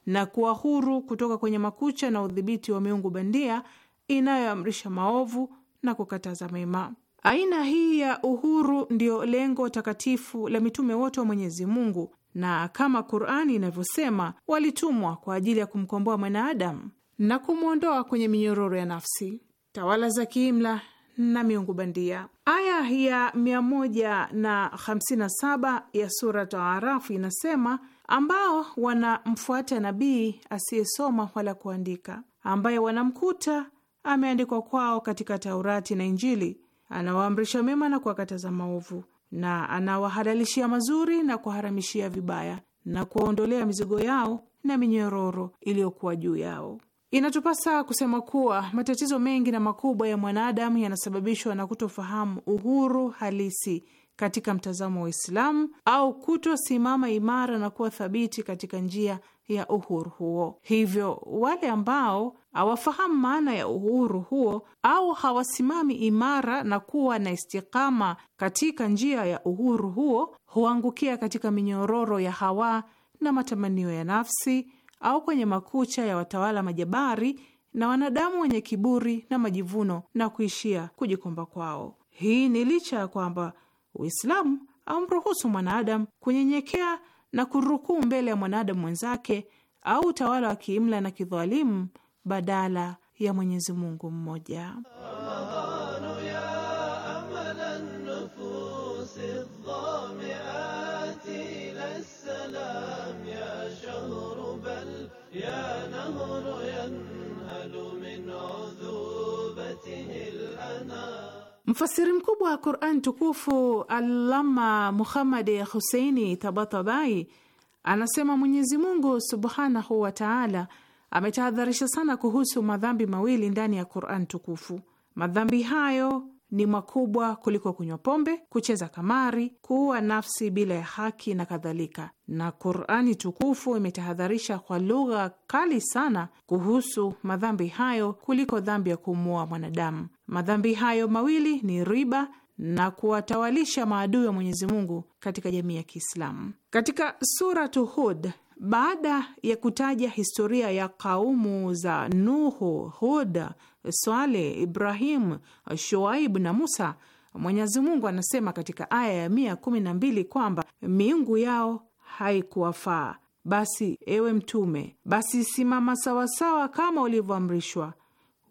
na kuwa huru kutoka kwenye makucha na udhibiti wa miungu bandia inayoamrisha maovu na kukataza mema. Aina hii ya uhuru ndiyo lengo takatifu la mitume wote wa Mwenyezi Mungu na kama Qurani inavyosema walitumwa kwa ajili ya kumkomboa mwanadamu na kumwondoa kwenye minyororo ya nafsi, tawala za kiimla na miungu bandia. Aya ya 157 ya Surat Arafu inasema, ambao wanamfuata nabii asiyesoma wala kuandika, ambaye wanamkuta ameandikwa kwao katika Taurati na Injili, anawaamrisha mema na kuwakataza maovu na anawahalalishia mazuri na kuwaharamishia vibaya na kuwaondolea mizigo yao na minyororo iliyokuwa juu yao. Inatupasa kusema kuwa matatizo mengi na makubwa ya mwanadamu yanasababishwa na kutofahamu uhuru halisi katika mtazamo wa Uislamu au kutosimama imara na kuwa thabiti katika njia ya uhuru huo. Hivyo wale ambao hawafahamu maana ya uhuru huo au hawasimami imara na kuwa na istikama katika njia ya uhuru huo huangukia katika minyororo ya hawa na matamanio ya nafsi au kwenye makucha ya watawala majabari na wanadamu wenye kiburi na majivuno na kuishia kujikomba kwao. Hii ni licha ya kwamba Uislamu amruhusu mwanaadamu kunyenyekea na kurukuu mbele ya mwanaadamu mwenzake au utawala wa kiimla na kidhalimu badala ya Mwenyezi Mungu mmoja. Mfasiri mkubwa wa Quran tukufu alama Muhammadi Huseini Tabatabai anasema Mwenyezi Mungu subhanahu wa taala ametahadharisha sana kuhusu madhambi mawili ndani ya Quran tukufu. Madhambi hayo ni makubwa kuliko kunywa pombe, kucheza kamari, kuua nafsi bila ya haki na kadhalika. Na Qurani tukufu imetahadharisha kwa lugha kali sana kuhusu madhambi hayo kuliko dhambi ya kumua mwanadamu. Madhambi hayo mawili ni riba na kuwatawalisha maadui wa Mwenyezi Mungu katika jamii ya Kiislamu. Katika Suratu Hud, baada ya kutaja historia ya kaumu za Nuhu, Hud, Swaleh, Ibrahim, shuaib na Musa, Mwenyezi Mungu anasema katika aya ya mia kumi na mbili kwamba miungu yao haikuwafaa. Basi ewe Mtume, basi simama sawasawa kama ulivyoamrishwa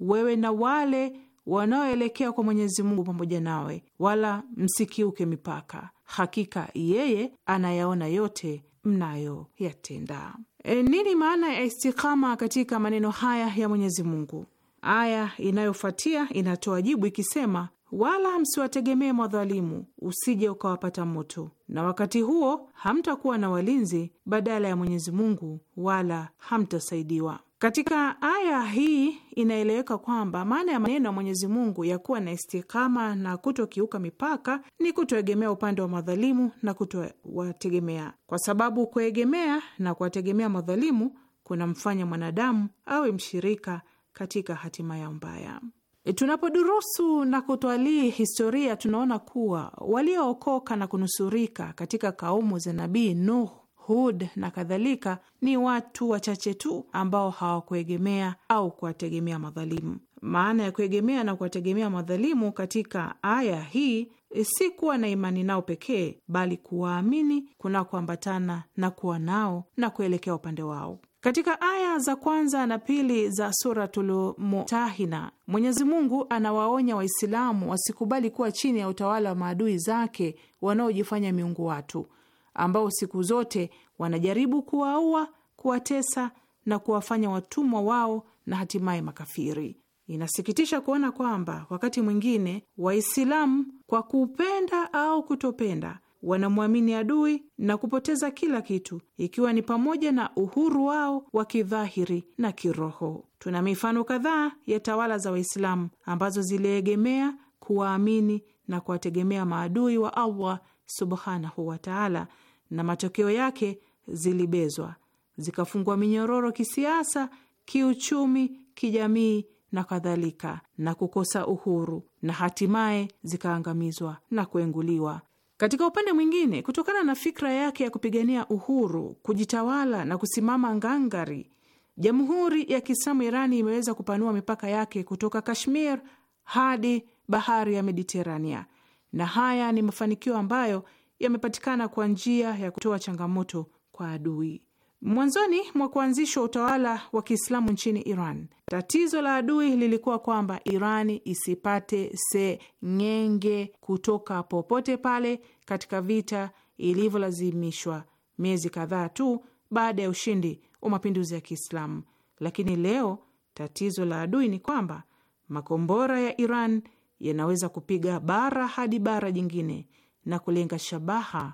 wewe na wale wanaoelekea kwa Mwenyezi Mungu pamoja nawe, wala msikiuke mipaka. Hakika yeye anayaona yote mnayoyatenda. E, nini maana ya istikama katika maneno haya ya Mwenyezi Mungu? Aya inayofuatia inatoa jibu ikisema, wala msiwategemee madhalimu, usije ukawapata moto, na wakati huo hamtakuwa na walinzi badala ya Mwenyezi Mungu, wala hamtasaidiwa. Katika aya hii inaeleweka kwamba maana ya maneno ya Mwenyezi Mungu ya kuwa na istikama na kutokiuka mipaka ni kutoegemea upande wa madhalimu na kutowategemea, kwa sababu kuegemea na kuwategemea madhalimu kunamfanya mwanadamu awe mshirika katika hatima ya mbaya. E, tunapodurusu na kutwalii historia, tunaona kuwa waliookoka na kunusurika katika kaumu za Nabii Nuhu Hud na kadhalika, ni watu wachache tu ambao hawakuegemea au kuwategemea madhalimu. Maana ya kuegemea na kuwategemea madhalimu katika aya hii eh, si kuwa na imani nao pekee, bali kuwaamini kunakoambatana na kuwa nao na kuelekea upande wao. Katika aya za kwanza na pili za Suratul mwenyezimungu Mwenyezi Mungu anawaonya Waislamu wasikubali kuwa chini ya utawala wa maadui zake wanaojifanya miungu watu ambao siku zote wanajaribu kuwaua, kuwatesa na kuwafanya watumwa wao na hatimaye makafiri. Inasikitisha kuona kwamba wakati mwingine Waislamu kwa kupenda au kutopenda wanamwamini adui na kupoteza kila kitu, ikiwa ni pamoja na uhuru wao wa kidhahiri na kiroho. Tuna mifano kadhaa ya tawala za Waislamu ambazo ziliegemea kuwaamini na kuwategemea maadui wa Allah subhanahu wataala na matokeo yake zilibezwa, zikafungwa minyororo kisiasa, kiuchumi, kijamii na kadhalika, na kukosa uhuru na hatimaye zikaangamizwa na kuenguliwa. Katika upande mwingine, kutokana na fikra yake ya kupigania uhuru, kujitawala na kusimama ngangari, Jamhuri ya Kiislamu Irani imeweza kupanua mipaka yake kutoka Kashmir hadi bahari ya Mediterania, na haya ni mafanikio ambayo yamepatikana kwa njia ya kutoa changamoto kwa adui. Mwanzoni mwa kuanzishwa utawala wa Kiislamu nchini Iran, tatizo la adui lilikuwa kwamba Iran isipate seng'enge kutoka popote pale katika vita ilivyolazimishwa miezi kadhaa tu baada ya ushindi wa mapinduzi ya Kiislamu. Lakini leo tatizo la adui ni kwamba makombora ya Iran yanaweza kupiga bara hadi bara jingine na kulenga shabaha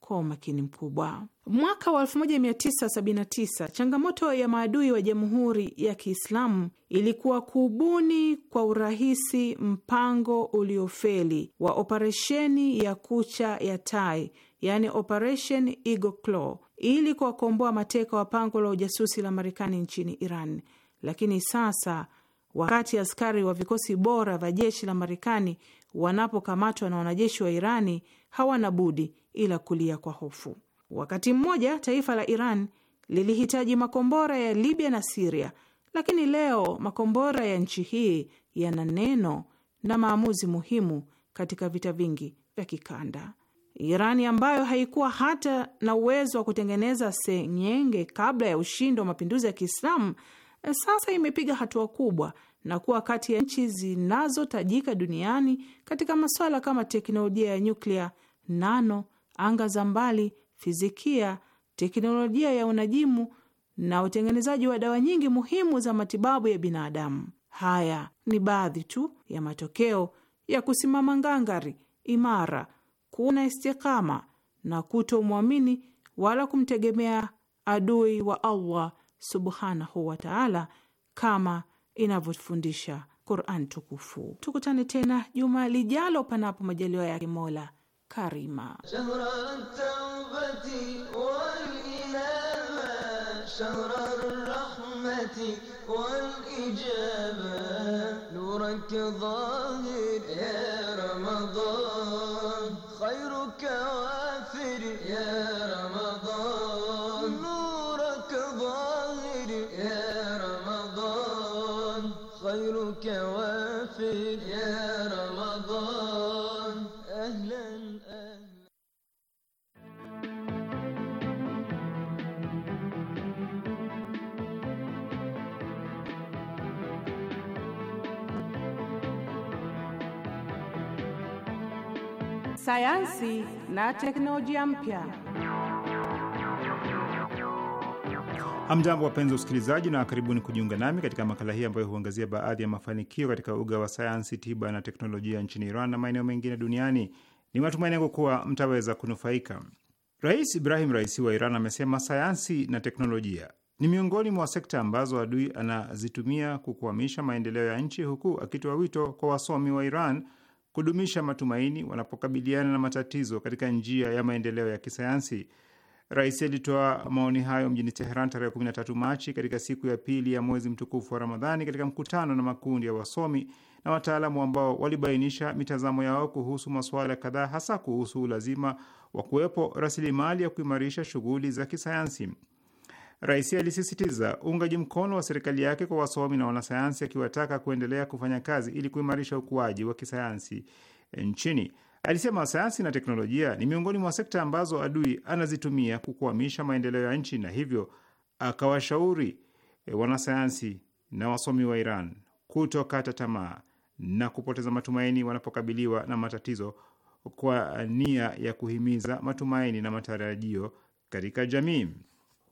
kwa umakini mkubwa. Mwaka wa 1979 changamoto ya maadui wa Jamhuri ya Kiislamu ilikuwa kubuni kwa urahisi mpango uliofeli wa operesheni ya kucha ya tai, yani Operation Eagle Claw, ili kuwakomboa mateka wa pango la ujasusi la Marekani nchini Iran. Lakini sasa wakati askari wa vikosi bora vya jeshi la Marekani wanapokamatwa na wanajeshi wa Irani hawana budi ila kulia kwa hofu. Wakati mmoja taifa la Iran lilihitaji makombora ya Libya na Siria, lakini leo makombora ya nchi hii yana neno na maamuzi muhimu katika vita vingi vya kikanda. Irani ambayo haikuwa hata na uwezo wa kutengeneza senyenge kabla ya ushindi wa mapinduzi ya Kiislamu, sasa imepiga hatua kubwa na kuwa kati ya nchi zinazotajika duniani katika masuala kama teknolojia ya nyuklia, nano, anga za mbali, fizikia, teknolojia ya unajimu na utengenezaji wa dawa nyingi muhimu za matibabu ya binadamu. Haya ni baadhi tu ya matokeo ya kusimama ngangari, imara, kuna istikama na kutomwamini wala kumtegemea adui wa Allah subhanahu wataala kama inavyofundisha Quran tukufu. Tukutane tena juma lijalo, panapo majaliwa yake Mola Karima. sayansi na teknolojia mpya. Hamjambo, wapenzi usikilizaji, na karibuni kujiunga nami katika makala hii ambayo huangazia baadhi ya mafanikio katika uga wa sayansi, tiba na teknolojia nchini Iran na maeneo mengine duniani. Ni matumaini yangu kuwa mtaweza kunufaika. Rais Ibrahim Raisi wa Iran amesema sayansi na teknolojia ni miongoni mwa sekta ambazo adui anazitumia kukwamisha maendeleo ya nchi, huku akitoa wito kwa wasomi wa Iran kudumisha matumaini wanapokabiliana na matatizo katika njia ya maendeleo ya kisayansi. Rais alitoa maoni hayo mjini Teheran tarehe 13 Machi, katika siku ya pili ya mwezi mtukufu wa Ramadhani, katika mkutano na makundi ya wasomi na wataalamu ambao walibainisha mitazamo yao kuhusu masuala kadhaa, hasa kuhusu ulazima wa kuwepo rasilimali ya kuimarisha shughuli za kisayansi. Raisi alisisitiza uungaji mkono wa serikali yake kwa wasomi na wanasayansi, akiwataka kuendelea kufanya kazi ili kuimarisha ukuaji wa kisayansi nchini. Alisema sayansi na teknolojia ni miongoni mwa sekta ambazo adui anazitumia kukwamisha maendeleo ya nchi, na hivyo akawashauri wanasayansi na wasomi wa Iran kutokata tamaa na kupoteza matumaini wanapokabiliwa na matatizo, kwa nia ya kuhimiza matumaini na matarajio katika jamii.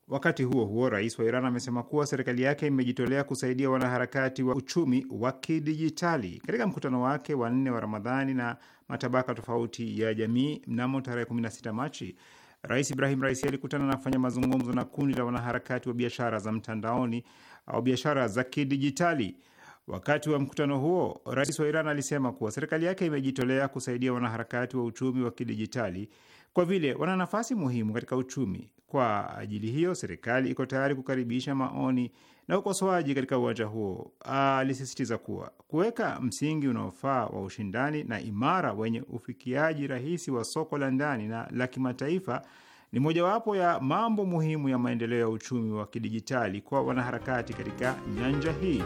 Wakati huo huo, rais wa Iran amesema kuwa serikali yake imejitolea kusaidia wanaharakati wa uchumi wa kidijitali. Katika mkutano wake wa nne wa Ramadhani na matabaka tofauti ya jamii mnamo tarehe 16 Machi, Rais Ibrahim Raisi alikutana na kufanya mazungumzo na kundi la wanaharakati wa biashara za mtandaoni au biashara za kidijitali. Wakati wa mkutano huo, rais wa Iran alisema kuwa serikali yake imejitolea kusaidia wanaharakati wa uchumi wa kidijitali kwa vile wana nafasi muhimu katika uchumi kwa ajili hiyo, serikali iko tayari kukaribisha maoni na ukosoaji katika uwanja huo. Alisisitiza kuwa kuweka msingi unaofaa wa ushindani na imara wenye ufikiaji rahisi wa soko la ndani na la kimataifa ni mojawapo ya mambo muhimu ya maendeleo ya uchumi wa kidijitali kwa wanaharakati katika nyanja hii.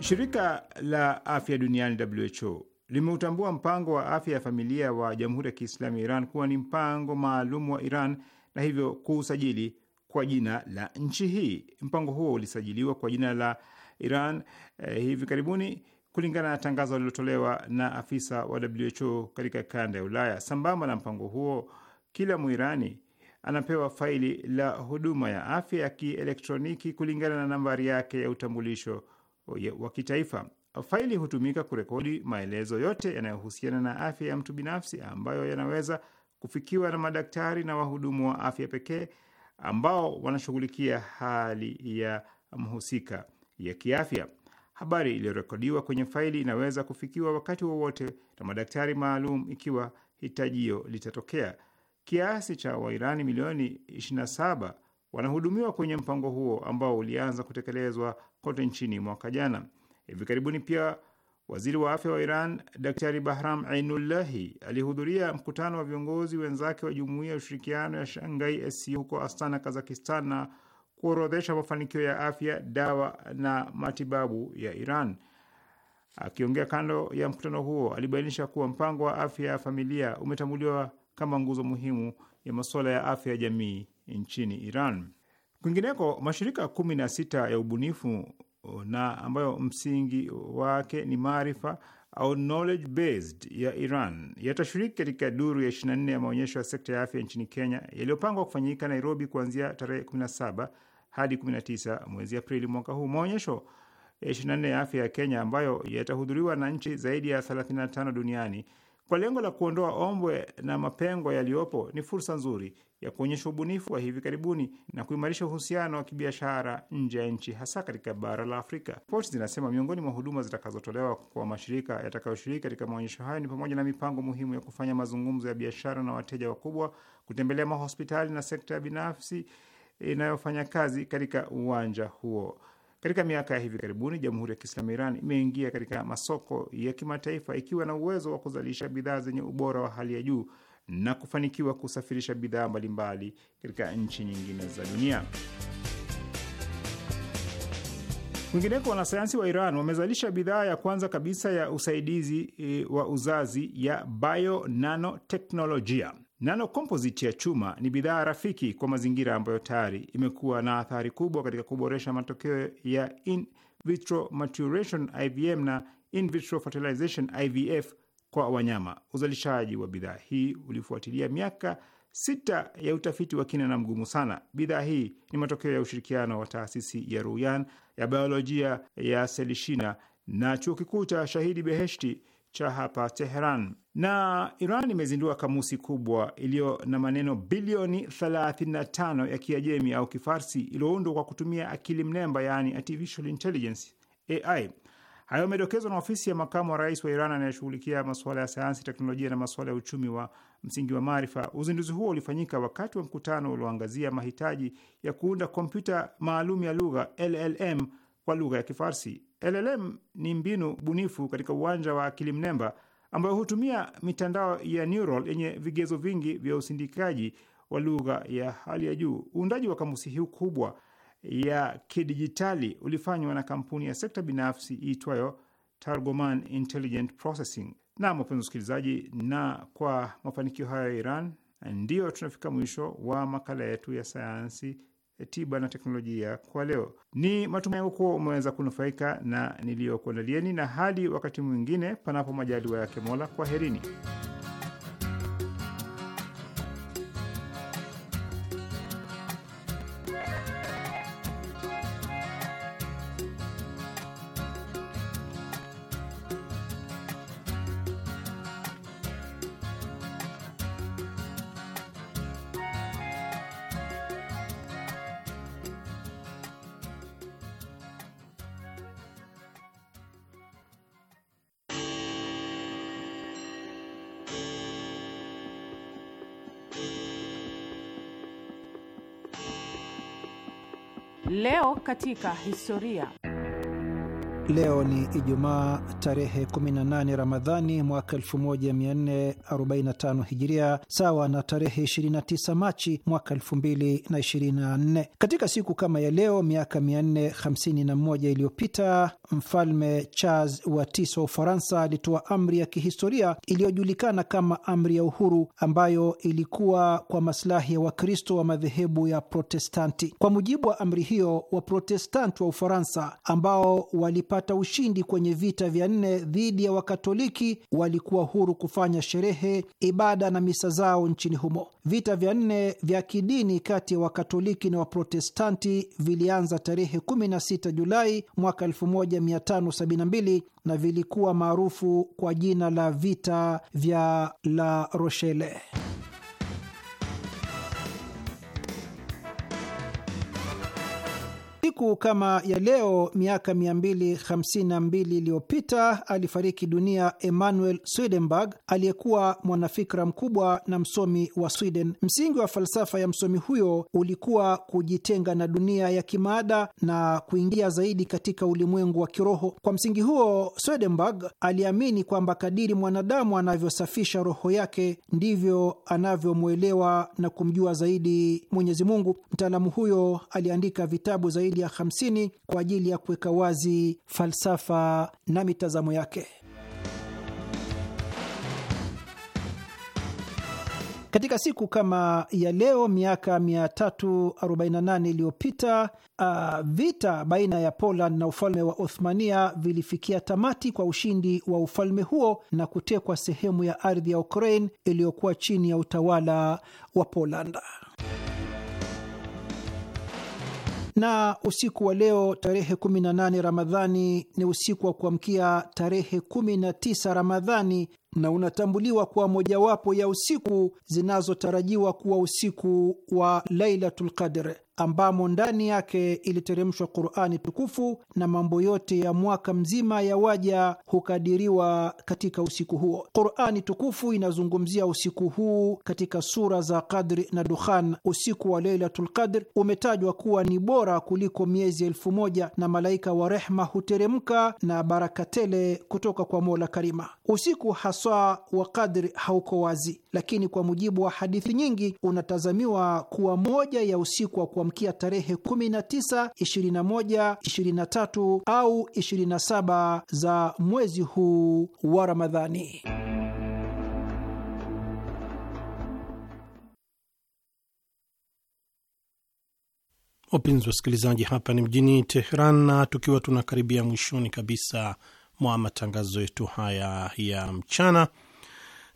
Shirika la Afya Duniani WHO limeutambua mpango wa afya ya familia wa Jamhuri ya Kiislamu ya Iran kuwa ni mpango maalum wa Iran na hivyo kuusajili kwa jina la nchi hii. Mpango huo ulisajiliwa kwa jina la Iran eh, hivi karibuni kulingana na tangazo lililotolewa na afisa wa WHO katika kanda ya Ulaya. Sambamba na mpango huo, kila Mwirani anapewa faili la huduma ya afya ya kielektroniki kulingana na nambari yake ya utambulisho eh, wa kitaifa. Faili hutumika kurekodi maelezo yote yanayohusiana na afya ya mtu binafsi ambayo yanaweza kufikiwa na madaktari na wahudumu wa afya pekee ambao wanashughulikia hali ya mhusika ya kiafya. Habari iliyorekodiwa kwenye faili inaweza kufikiwa wakati wowote wa na madaktari maalum ikiwa hitajio litatokea. Kiasi cha Wairani milioni 27 wanahudumiwa kwenye mpango huo ambao ulianza kutekelezwa kote nchini mwaka jana. Hivi karibuni pia waziri wa afya wa Iran Daktari Bahram Ainullahi alihudhuria mkutano wa viongozi wenzake wa Jumuiya ya Ushirikiano ya Shanghai SCO huko Astana, Kazakistan, na kuorodhesha mafanikio ya afya, dawa na matibabu ya Iran. Akiongea kando ya mkutano huo, alibainisha kuwa mpango wa afya ya familia umetambuliwa kama nguzo muhimu ya masuala ya afya ya jamii nchini Iran. Kwingineko, mashirika kumi na sita ya ubunifu na ambayo msingi wake ni maarifa au knowledge based ya Iran yatashiriki katika duru ya 24 ya maonyesho ya sekta ya afya nchini Kenya yaliyopangwa kufanyika Nairobi kuanzia tarehe 17 hadi 19 mwezi Aprili mwaka huu. Maonyesho ya 24 ya afya ya Kenya ambayo yatahudhuriwa na nchi zaidi ya 35 duniani kwa lengo la kuondoa ombwe na mapengo yaliyopo, ni fursa nzuri ya kuonyesha ubunifu wa hivi karibuni na kuimarisha uhusiano wa kibiashara nje ya nchi, hasa katika bara la Afrika. Ripoti zinasema miongoni mwa huduma zitakazotolewa kwa mashirika yatakayoshiriki katika maonyesho hayo ni pamoja na mipango muhimu ya kufanya mazungumzo ya biashara na wateja wakubwa, kutembelea mahospitali na sekta ya binafsi inayofanya kazi katika uwanja huo. Katika miaka ya hivi karibuni, Jamhuri ya Kiislamu Iran imeingia katika masoko ya kimataifa ikiwa na uwezo wa kuzalisha bidhaa zenye ubora wa hali ya juu na kufanikiwa kusafirisha bidhaa mbalimbali katika nchi nyingine za dunia. Kwingineko, wanasayansi wa Iran wamezalisha bidhaa ya kwanza kabisa ya usaidizi eh, wa uzazi ya bionanoteknolojia. Nanokompositi ya chuma ni bidhaa rafiki kwa mazingira ambayo tayari imekuwa na athari kubwa katika kuboresha matokeo ya in vitro maturation IVM na in vitro fertilization IVF kwa wanyama. Uzalishaji wa bidhaa hii ulifuatilia miaka sita ya utafiti wa kina na mgumu sana. Bidhaa hii ni matokeo ya ushirikiano wa taasisi ya Ruyan ya biolojia ya selishina na chuo kikuu cha Shahidi Beheshti cha hapa Teheran. Na Iran imezindua kamusi kubwa iliyo na maneno bilioni 35 ya Kiajemi au Kifarsi iliyoundwa kwa kutumia akili mnemba, yaani artificial intelligence AI. Hayo amedokezwa na ofisi ya makamu wa rais wa Iran anayeshughulikia masuala ya sayansi, teknolojia na masuala ya uchumi wa msingi wa maarifa. Uzinduzi huo ulifanyika wakati wa mkutano ulioangazia mahitaji ya kuunda kompyuta maalum ya lugha LLM kwa lugha ya Kifarsi. LLM ni mbinu bunifu katika uwanja wa akili mnemba ambayo hutumia mitandao ya neural yenye vigezo vingi vya usindikaji wa lugha ya hali ya juu. Uundaji wa kamusi hii kubwa ya kidijitali ulifanywa na kampuni ya sekta binafsi iitwayo Targoman Intelligent Processing. Na wapenzi wasikilizaji, na kwa mafanikio hayo ya Iran, ndiyo tunafika mwisho wa makala yetu ya sayansi tiba na teknolojia kwa leo. Ni matumaini yangu kuwa umeweza kunufaika na niliyokuandalieni, na hadi wakati mwingine, panapo majaliwa yake Mola, kwaherini. Leo katika historia. Leo ni Ijumaa tarehe 18 Ramadhani mwaka 1445 Hijiria, sawa na tarehe 29 Machi mwaka 2024. Katika siku kama ya leo miaka 451 iliyopita Mfalme Charles wa tisa wa Ufaransa alitoa amri ya kihistoria iliyojulikana kama amri ya uhuru, ambayo ilikuwa kwa masilahi ya Wakristo wa madhehebu ya Protestanti. Kwa mujibu wa amri hiyo, Waprotestanti wa Ufaransa ambao walipata ushindi kwenye vita vya nne dhidi ya Wakatoliki walikuwa huru kufanya sherehe, ibada na misa zao nchini humo. Vita vya nne vya kidini kati ya Wakatoliki na Waprotestanti vilianza tarehe 16 Julai mwaka 1572 na vilikuwa maarufu kwa jina la vita vya La Rochelle. siku kama ya leo miaka 252 iliyopita alifariki dunia emmanuel Swedenborg aliyekuwa mwanafikra mkubwa na msomi wa Sweden. Msingi wa falsafa ya msomi huyo ulikuwa kujitenga na dunia ya kimaada na kuingia zaidi katika ulimwengu wa kiroho. Kwa msingi huo, Swedenborg aliamini kwamba kadiri mwanadamu anavyosafisha roho yake ndivyo anavyomwelewa na kumjua zaidi Mwenyezi Mungu. Mtaalamu huyo aliandika vitabu zaidi ya 50 kwa ajili ya kuweka wazi falsafa na mitazamo yake. Katika siku kama ya leo miaka 348 iliyopita uh, vita baina ya Poland na ufalme wa Othmania vilifikia tamati kwa ushindi wa ufalme huo na kutekwa sehemu ya ardhi ya Ukraine iliyokuwa chini ya utawala wa Poland. Na usiku wa leo tarehe 18 Ramadhani ni usiku wa kuamkia tarehe 19 Ramadhani na unatambuliwa kuwa mojawapo ya usiku zinazotarajiwa kuwa usiku wa Lailatul Qadr ambamo ndani yake iliteremshwa Qurani tukufu na mambo yote ya mwaka mzima ya waja hukadiriwa katika usiku huo. Qurani tukufu inazungumzia usiku huu katika sura za Qadri na Dukhan. Usiku wa Lailatul Qadr umetajwa kuwa ni bora kuliko miezi elfu moja na malaika wa rehma huteremka na baraka tele kutoka kwa Mola Karima. Usiku haswa wa Qadri hauko wazi, lakini kwa mujibu wa hadithi nyingi unatazamiwa kuwa moja ya usiku wa kuamkia tarehe 19, 21, 23 au 27 za mwezi huu wa Ramadhani. Wapenzi wasikilizaji, hapa ni mjini Teheran na tukiwa tunakaribia mwishoni kabisa mwa matangazo yetu haya ya mchana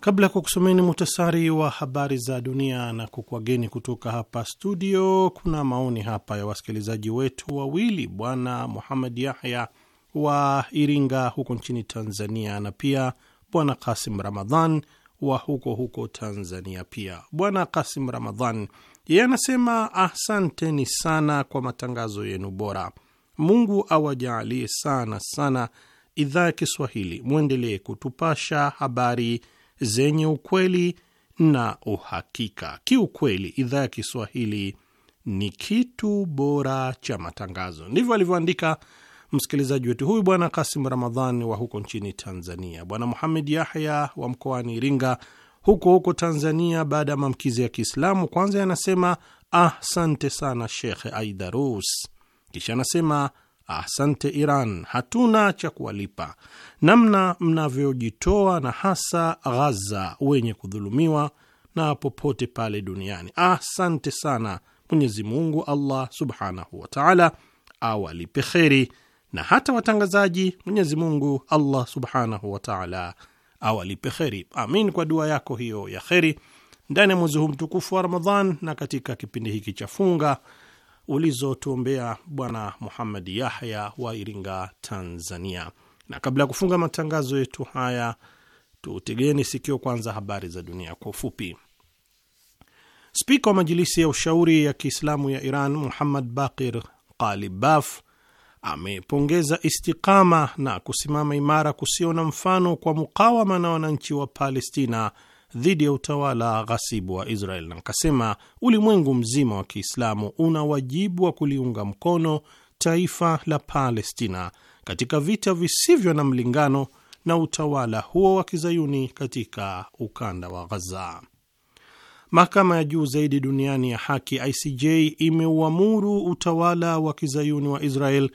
Kabla ya kukusomeni muhtasari wa habari za dunia na kukwageni kutoka hapa studio, kuna maoni hapa ya wasikilizaji wetu wawili, Bwana Muhammad Yahya wa Iringa huko nchini Tanzania na pia Bwana Kasim Ramadhan wa huko huko Tanzania pia. Bwana Kasim Ramadhan yeye anasema asanteni sana kwa matangazo yenu bora. Mungu awajaalie sana sana idhaa ya Kiswahili, mwendelee kutupasha habari zenye ukweli na uhakika. Kiukweli, idhaa ya Kiswahili ni kitu bora cha matangazo. Ndivyo alivyoandika msikilizaji wetu huyu Bwana Kasim Ramadhan wa huko nchini Tanzania, Bwana Muhamed Yahya wa mkoani Iringa huko huko Tanzania, baada ya maamkizi ya Kiislamu. Kwanza yanasema asante ah, sana Shekh Aidarus, kisha anasema Asante Iran, hatuna cha kuwalipa namna mnavyojitoa na hasa Ghaza wenye kudhulumiwa na popote pale duniani. Asante sana. Mwenyezi Mungu Allah subhanahu wataala awalipe kheri, na hata watangazaji, Mwenyezi Mungu Allah subhanahu wataala awalipe kheri. Amin kwa dua yako hiyo ya kheri ndani ya mwezi huu mtukufu wa Ramadhan na katika kipindi hiki cha funga ulizotuombea Bwana Muhammad Yahya wa Iringa, Tanzania. Na kabla ya kufunga matangazo yetu haya, tutegeni sikio kwanza habari za dunia kwa ufupi. Spika wa Majilisi ya Ushauri ya Kiislamu ya Iran Muhammad Bakir Kalibaf amepongeza istikama na kusimama imara kusio na mfano kwa mukawama na wananchi wa Palestina dhidi ya utawala ghasibu wa Israel na akasema ulimwengu mzima wa Kiislamu una wajibu wa kuliunga mkono taifa la Palestina katika vita visivyo na mlingano na utawala huo wa kizayuni katika ukanda wa Ghaza. Mahakama ya juu zaidi duniani ya haki ICJ imeuamuru utawala wa kizayuni wa Israel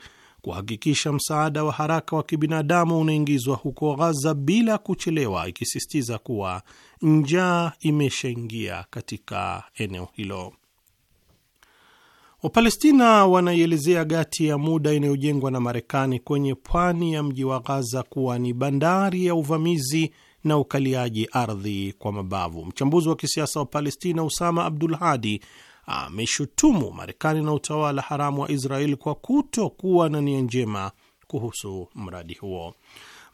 kuhakikisha msaada wa haraka wa kibinadamu unaingizwa huko Ghaza bila kuchelewa, ikisisitiza kuwa njaa imeshaingia katika eneo hilo. Wapalestina wanaielezea gati ya muda inayojengwa na Marekani kwenye pwani ya mji wa Ghaza kuwa ni bandari ya uvamizi na ukaliaji ardhi kwa mabavu. Mchambuzi wa kisiasa wa Palestina Usama Abdul Hadi ameshutumu Marekani na utawala haramu wa Israeli kwa kutokuwa na nia njema kuhusu mradi huo.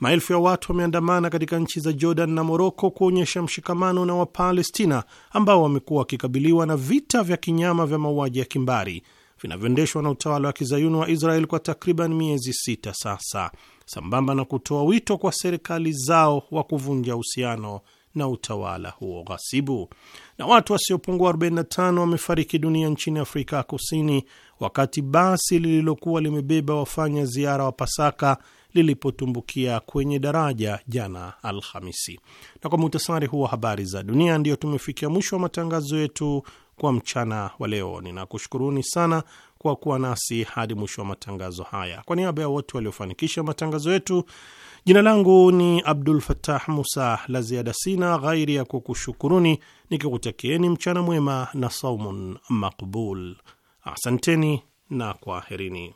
Maelfu ya watu wameandamana katika nchi za Jordan na Moroko kuonyesha mshikamano na Wapalestina ambao wamekuwa wakikabiliwa na vita vya kinyama vya mauaji ya kimbari vinavyoendeshwa na utawala wa kizayuni wa Israel kwa takriban miezi sita sasa, sambamba na kutoa wito kwa serikali zao wa kuvunja uhusiano na utawala huo ghasibu. Na watu wasiopungua 45 wamefariki dunia nchini Afrika Kusini wakati basi lililokuwa limebeba wafanya ziara wa Pasaka lilipotumbukia kwenye daraja jana Alhamisi. Na kwa muhtasari huo habari za dunia, ndiyo tumefikia mwisho wa matangazo yetu kwa mchana wa leo. Ninakushukuruni sana kwa kuwa nasi hadi mwisho wa matangazo haya. Kwa niaba ya wote waliofanikisha matangazo yetu Jina langu ni Abdul Fattah Musa. La ziada sina ghairi ya kukushukuruni nikikutakieni mchana mwema na saumun makbul. Asanteni na kwaherini.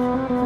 Thank you.